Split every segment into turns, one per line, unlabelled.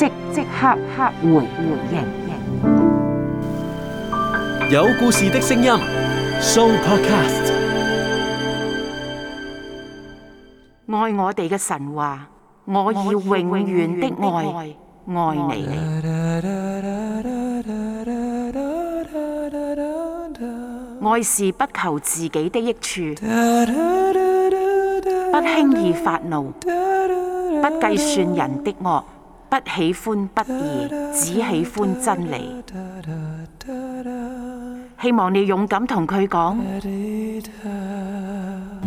即即刻刻，刻回回應
有故事的聲音，So Podcast
愛我哋嘅神話，我要永遠的愛愛你，你。愛是不求自己的益處，不輕易發怒，不計算人的惡。不喜歡不義，只喜歡真理。希望你勇敢同佢講，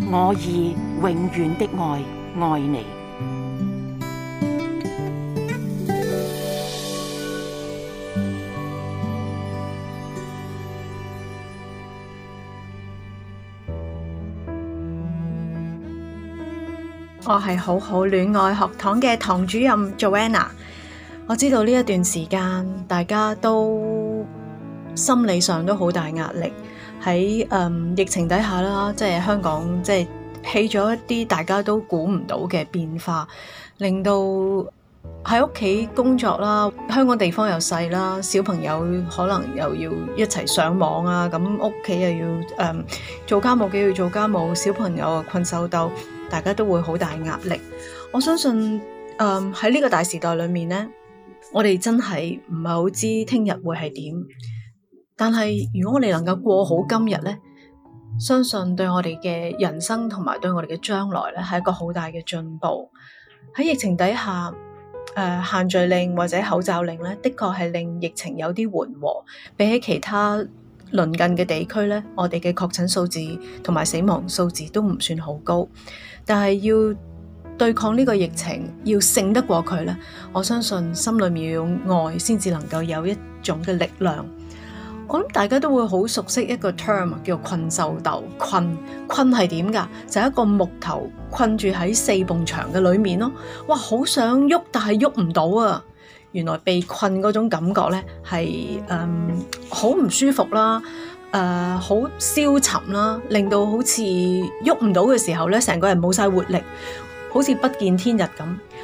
我已永遠的愛愛你。
我係好好戀愛學堂嘅堂主任 Joanna，我知道呢一段時間大家都心理上都好大壓力，喺誒、嗯、疫情底下啦，即係香港即係起咗一啲大家都估唔到嘅變化，令到喺屋企工作啦，香港地方又細啦，小朋友可能又要一齊上網啊，咁屋企又要誒、嗯、做家務嘅要做家務，小朋友啊困獸鬥。大家都會好大壓力，我相信，誒喺呢個大時代裏面呢，我哋真係唔係好知聽日會係點。但係如果我哋能夠過好今日呢，相信對我哋嘅人生同埋對我哋嘅將來咧，係一個好大嘅進步。喺疫情底下，誒、呃、限聚令或者口罩令呢，的確係令疫情有啲緩和，比起其他鄰近嘅地區，呢我哋嘅確診數字同埋死亡數字都唔算好高，但係要對抗呢個疫情，要勝得過佢呢，我相信心裏面要有愛先至能夠有一種嘅力量。我諗大家都會好熟悉一個 term 叫做困獸鬥，困困係點㗎？就係一個木頭困住喺四幅牆嘅裏面咯，哇！好想喐，但係喐唔到啊！原來被困嗰種感覺咧，係嗯好唔舒服啦，誒、呃、好消沉啦，令到好似喐唔到嘅時候咧，成個人冇晒活力，好似不見天日咁。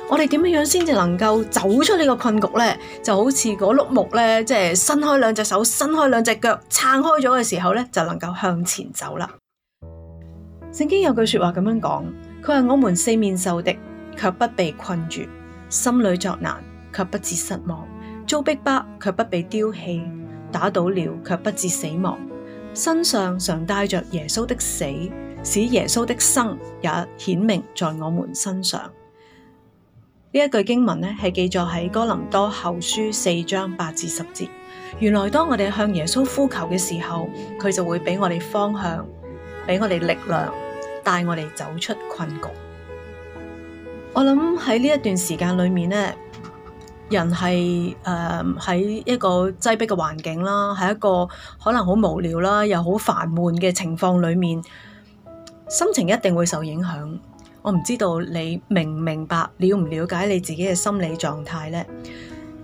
我哋點樣樣先至能夠走出呢個困局咧？就好似嗰碌木咧，即、就、係、是、伸開兩隻手，伸開兩隻腳撐開咗嘅時候咧，就能夠向前走啦。聖經有句説話咁樣講，佢係我們四面受敵，卻不被困住，心裏作難。卻不致失望，遭逼迫卻不被丟棄，打倒了卻不致死亡，身上常帶着耶穌的死，使耶穌的生也顯明在我們身上。呢一句經文呢係記載喺哥林多後書四章八至十節。原來當我哋向耶穌呼求嘅時候，佢就會俾我哋方向，俾我哋力量，帶我哋走出困局。我諗喺呢一段時間裏面呢人係喺、呃、一個擠逼嘅環境啦，喺一個可能好無聊啦，又好煩悶嘅情況裏面，心情一定會受影響。我唔知道你明唔明白，了唔了解你自己嘅心理狀態咧？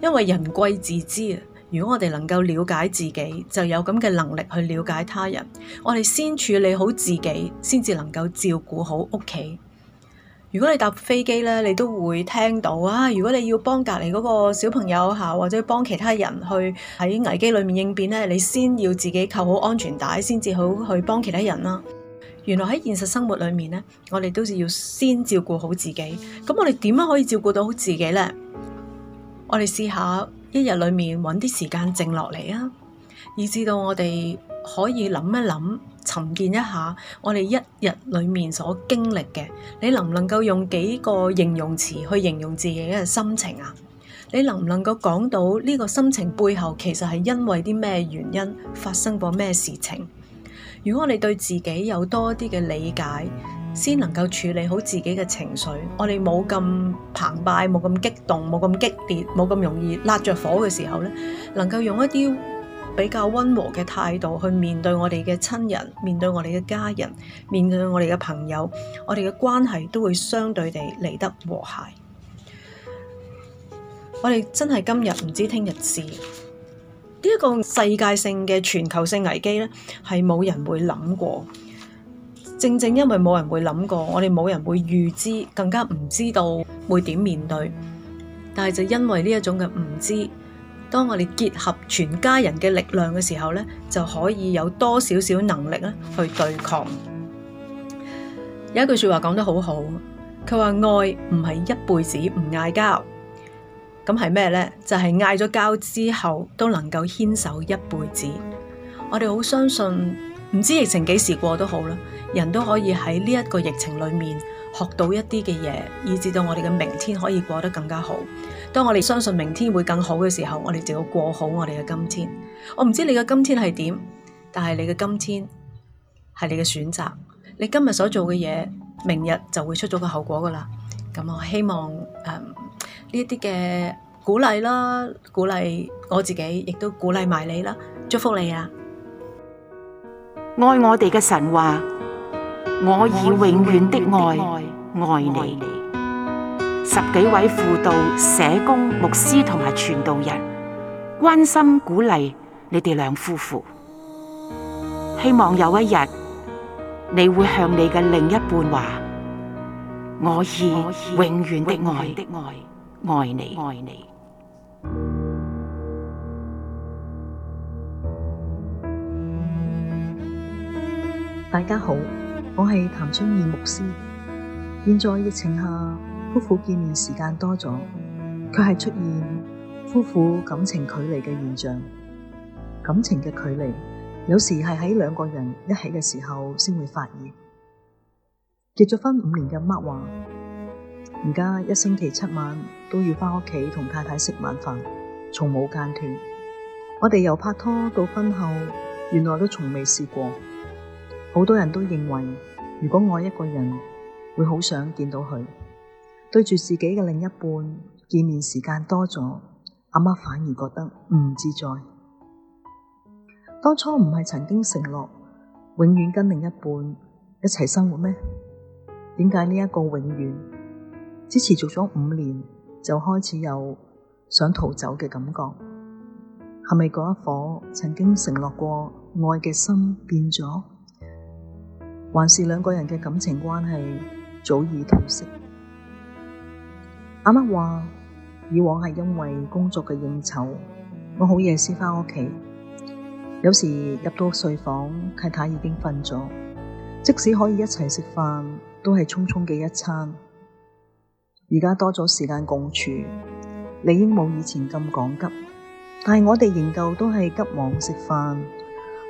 因為人貴自知啊。如果我哋能夠了解自己，就有咁嘅能力去了解他人。我哋先處理好自己，先至能夠照顧好屋企。如果你搭飛機咧，你都會聽到啊！如果你要幫隔籬嗰個小朋友吓，或者幫其他人去喺危機裏面應變咧，你先要自己扣好安全帶，先至好去幫其他人啦。原來喺現實生活裏面咧，我哋都是要先照顧好自己。咁我哋點樣可以照顧到好自己咧？我哋試下一日裏面搵啲時間靜落嚟啊，以至到我哋可以諗一諗。沉澱一下，我哋一日裏面所經歷嘅，你能唔能夠用幾個形容詞去形容自己嘅心情啊？你能唔能夠講到呢個心情背後其實係因為啲咩原因發生過咩事情？如果我哋對自己有多啲嘅理解，先能夠處理好自己嘅情緒，我哋冇咁澎湃，冇咁激動，冇咁激烈，冇咁容易焫着火嘅時候呢，能夠用一啲。比較溫和嘅態度去面對我哋嘅親人，面對我哋嘅家人，面對我哋嘅朋友，我哋嘅關係都會相對地嚟得和諧。我哋真係今日唔知聽日事，呢一個世界性嘅全球性危機咧，係冇人會諗過。正正因為冇人會諗過，我哋冇人會預知，更加唔知道會點面對。但係就因為呢一種嘅唔知。當我哋結合全家人嘅力量嘅時候咧，就可以有多少少能力咧去對抗。有一句說話講得好好，佢話，愛唔係一輩子唔嗌交，咁係咩咧？就係嗌咗交之後都能夠牽手一輩子。我哋好相信，唔知疫情幾時過都好啦，人都可以喺呢一個疫情裏面。學到一啲嘅嘢，以至到我哋嘅明天可以過得更加好。當我哋相信明天會更好嘅時候，我哋就要過好我哋嘅今天。我唔知你嘅今天係點，但係你嘅今天係你嘅選擇。你今日所做嘅嘢，明日就會出咗個後果噶啦。咁我希望誒呢一啲嘅鼓勵啦，鼓勵我自己，亦都鼓勵埋你啦，祝福你啊！
愛我哋嘅神話。我以永遠的愛愛你。十幾位輔導、社工、牧師同埋傳道人關心鼓勵你哋兩夫婦，希望有一日你會向你嘅另一半話：我以永遠的愛愛你。大
家
好。我係譚春燕牧師。現在疫情下，夫婦見面時間多咗，卻係出現夫婦感情距離嘅現象。感情嘅距離，有時係喺兩個人一起嘅時候先會發現。結咗婚五年嘅 Mark 話，而家一星期七晚都要返屋企同太太食晚飯，從冇間斷。我哋由拍拖到婚後，原來都從未試過。好多人都認為，如果愛一個人，會好想見到佢，對住自己嘅另一半，見面時間多咗，阿媽反而覺得唔自在。當初唔係曾經承諾永遠跟另一半一齊生活咩？點解呢一個永遠只持續咗五年，就開始有想逃走嘅感覺？係咪嗰一顆曾經承諾過愛嘅心變咗？還是兩個人嘅感情關係早已褪色。阿媽話：以往係因為工作嘅應酬，我好夜先翻屋企，有時入到睡房，太太已經瞓咗。即使可以一齊食飯，都係匆匆嘅一餐。而家多咗時間共處，你應冇以前咁趕急，但係我哋仍舊都係急忙食飯。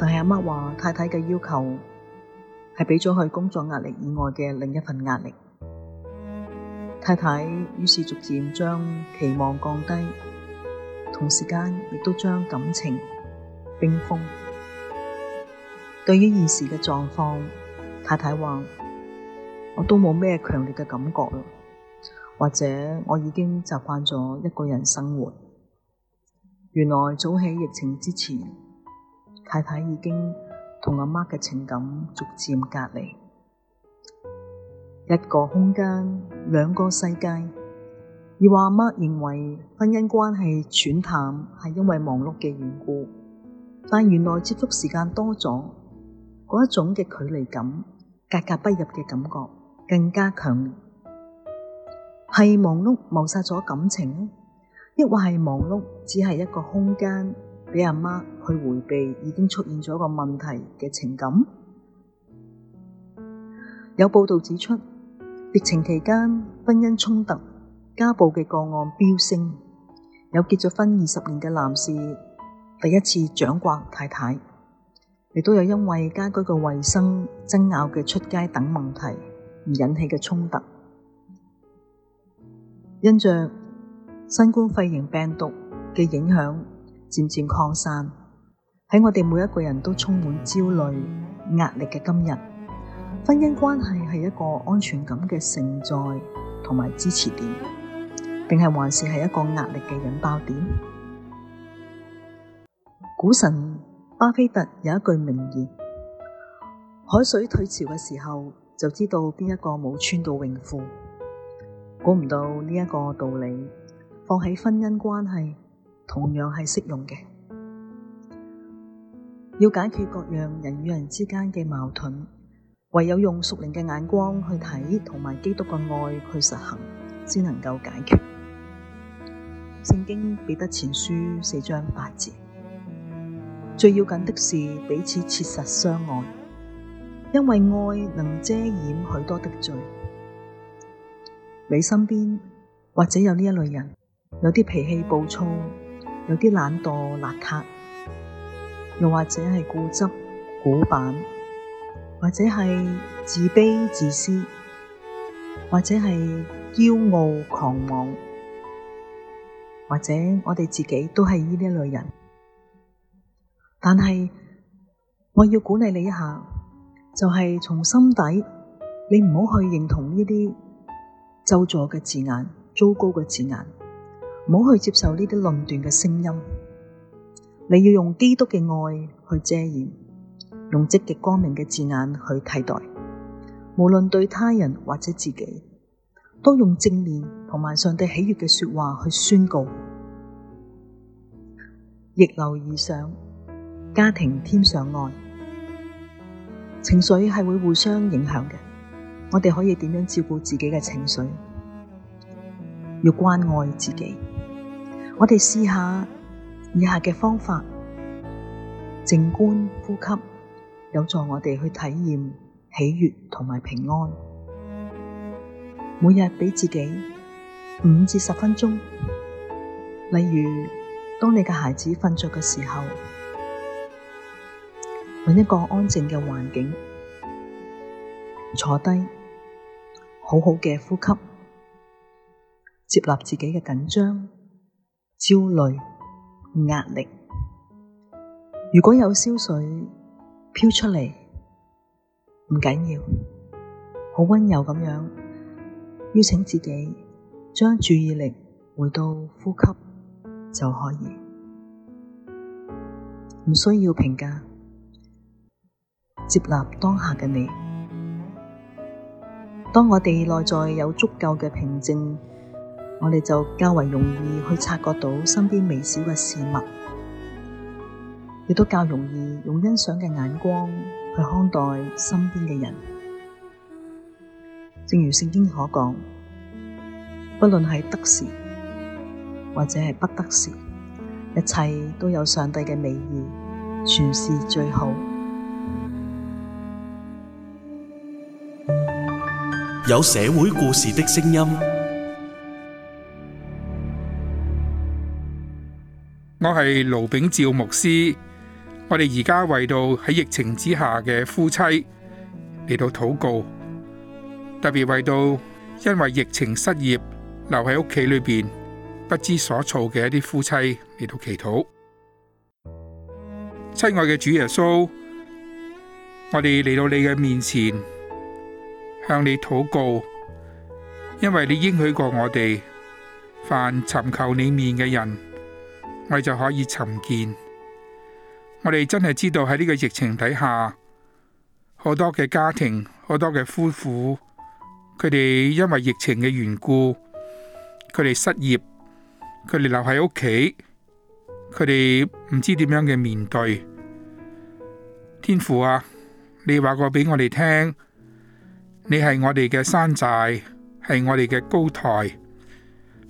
但係阿媽話，太太嘅要求係俾咗佢工作壓力以外嘅另一份壓力。太太於是逐漸將期望降低，同時間亦都將感情冰封。對於現時嘅狀況，太太話，我都冇咩強烈嘅感覺啦，或者我已經習慣咗一個人生活。原來早喺疫情之前。太太已經同阿媽嘅情感逐漸隔離，一個空間，兩個世界。而話阿媽，媽認為婚姻關係轉淡係因為忙碌嘅緣故，但原來接觸時間多咗，嗰一種嘅距離感、格格不入嘅感覺更加強烈，係忙碌謀殺咗感情，抑或係忙碌只係一個空間？俾阿媽去回避已經出現咗一個問題嘅情感。有報道指出，疫情期間婚姻衝突、家暴嘅個案飆升。有結咗婚二十年嘅男士第一次掌摑太太，亦都有因為家居嘅衛生爭拗嘅出街等問題而引起嘅衝突。因着新冠肺炎病毒嘅影響。漸漸擴散喺我哋每一個人都充滿焦慮壓力嘅今日，婚姻關係係一個安全感嘅承載同埋支持點，定係還是係一個壓力嘅引爆點？股神巴菲特有一句名言：海水退潮嘅時候，就知道邊一個冇穿到泳褲。估唔到呢一個道理放喺婚姻關係。同樣係適用嘅。要解決各樣人與人之間嘅矛盾，唯有用屬靈嘅眼光去睇，同埋基督嘅愛去實行，先能夠解決。聖經彼得前書四章八節，最要緊的是彼此切實相愛，因為愛能遮掩許多的罪。你身邊或者有呢一類人，有啲脾氣暴躁，有啲懶惰邋遢，又或者係固執古板，或者係自卑自私，或者係驕傲狂妄，或者我哋自己都係呢啲類人。但係我要鼓勵你一下，就係從心底，你唔好去認同呢啲咒詛嘅字眼，糟糕嘅字眼。唔好去接受呢啲論斷嘅聲音，你要用基督嘅愛去遮掩，用積極光明嘅字眼去替代。無論對他人或者自己，都用正面同埋上帝喜悅嘅說話去宣告。逆流而上，家庭添上愛。情緒係會互相影響嘅，我哋可以點樣照顧自己嘅情緒？要關愛自己。我哋試下以下嘅方法，靜觀呼吸，有助我哋去體驗喜悦同埋平安。每日俾自己五至十分鐘，例如當你嘅孩子瞓着嘅時候，揾一個安靜嘅環境，坐低，好好嘅呼吸，接納自己嘅緊張。焦慮、壓力，如果有燒水飄出嚟，唔緊要，好溫柔咁樣邀請自己將注意力回到呼吸就可以，唔需要評價，接納當下嘅你。當我哋內在有足夠嘅平靜。我哋就較為容易去察覺到身邊微小嘅事物，亦都較容易用欣賞嘅眼光去看待身邊嘅人。正如聖經所講，不論係得時或者係不得時，一切都有上帝嘅美意，全是最好。有社會故事的聲
音。我係盧炳照牧師，我哋而家為到喺疫情之下嘅夫妻嚟到禱告，特別為到因為疫情失業留喺屋企裏邊不知所措嘅一啲夫妻嚟到祈禱。親愛嘅主耶穌，我哋嚟到你嘅面前，向你禱告，因為你應許過我哋，凡尋求你面嘅人。我哋就可以尋見，我哋真係知道喺呢個疫情底下，好多嘅家庭，好多嘅夫婦，佢哋因為疫情嘅緣故，佢哋失業，佢哋留喺屋企，佢哋唔知點樣嘅面對。天父啊，你話過俾我哋聽，你係我哋嘅山寨，係我哋嘅高台。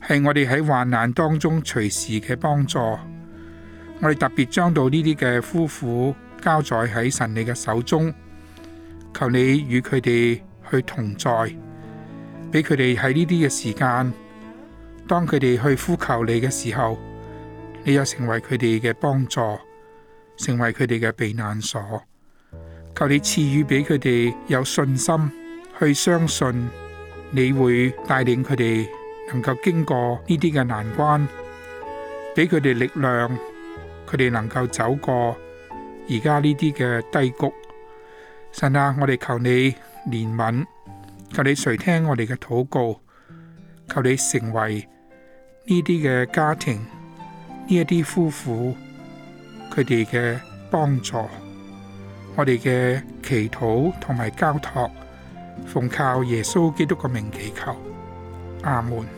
係我哋喺患難當中隨時嘅幫助，我哋特別將到呢啲嘅夫婦交在喺神你嘅手中，求你與佢哋去同在，俾佢哋喺呢啲嘅時間，當佢哋去呼求你嘅時候，你又成為佢哋嘅幫助，成為佢哋嘅避難所。求你賜予俾佢哋有信心去相信，你會帶領佢哋。能夠經過呢啲嘅難關，俾佢哋力量，佢哋能夠走過而家呢啲嘅低谷。神啊，我哋求你憐憫，求你垂聽我哋嘅禱告，求你成為呢啲嘅家庭，呢一啲夫婦佢哋嘅幫助，我哋嘅祈禱同埋交託，奉靠耶穌基督個名祈求，阿門。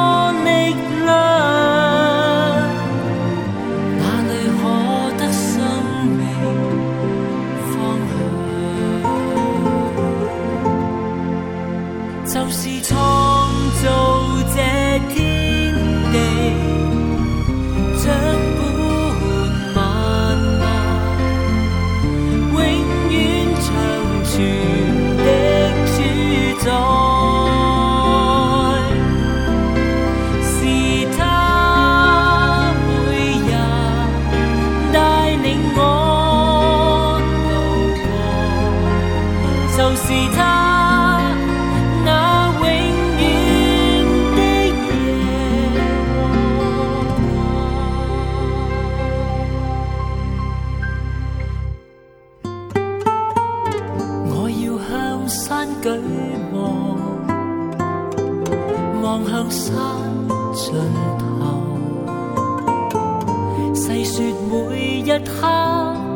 說每一刻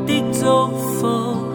的祝福。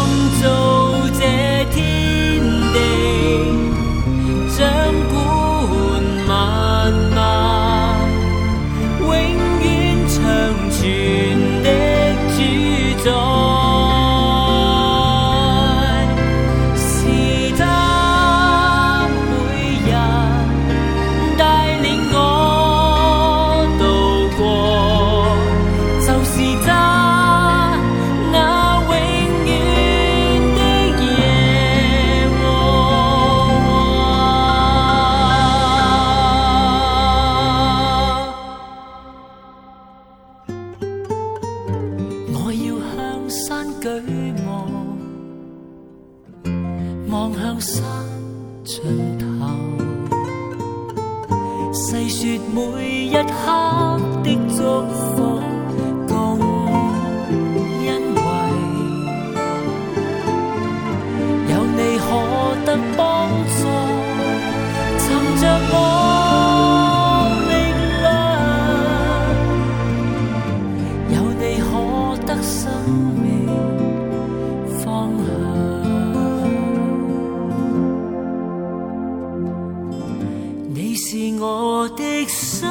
你是我的心。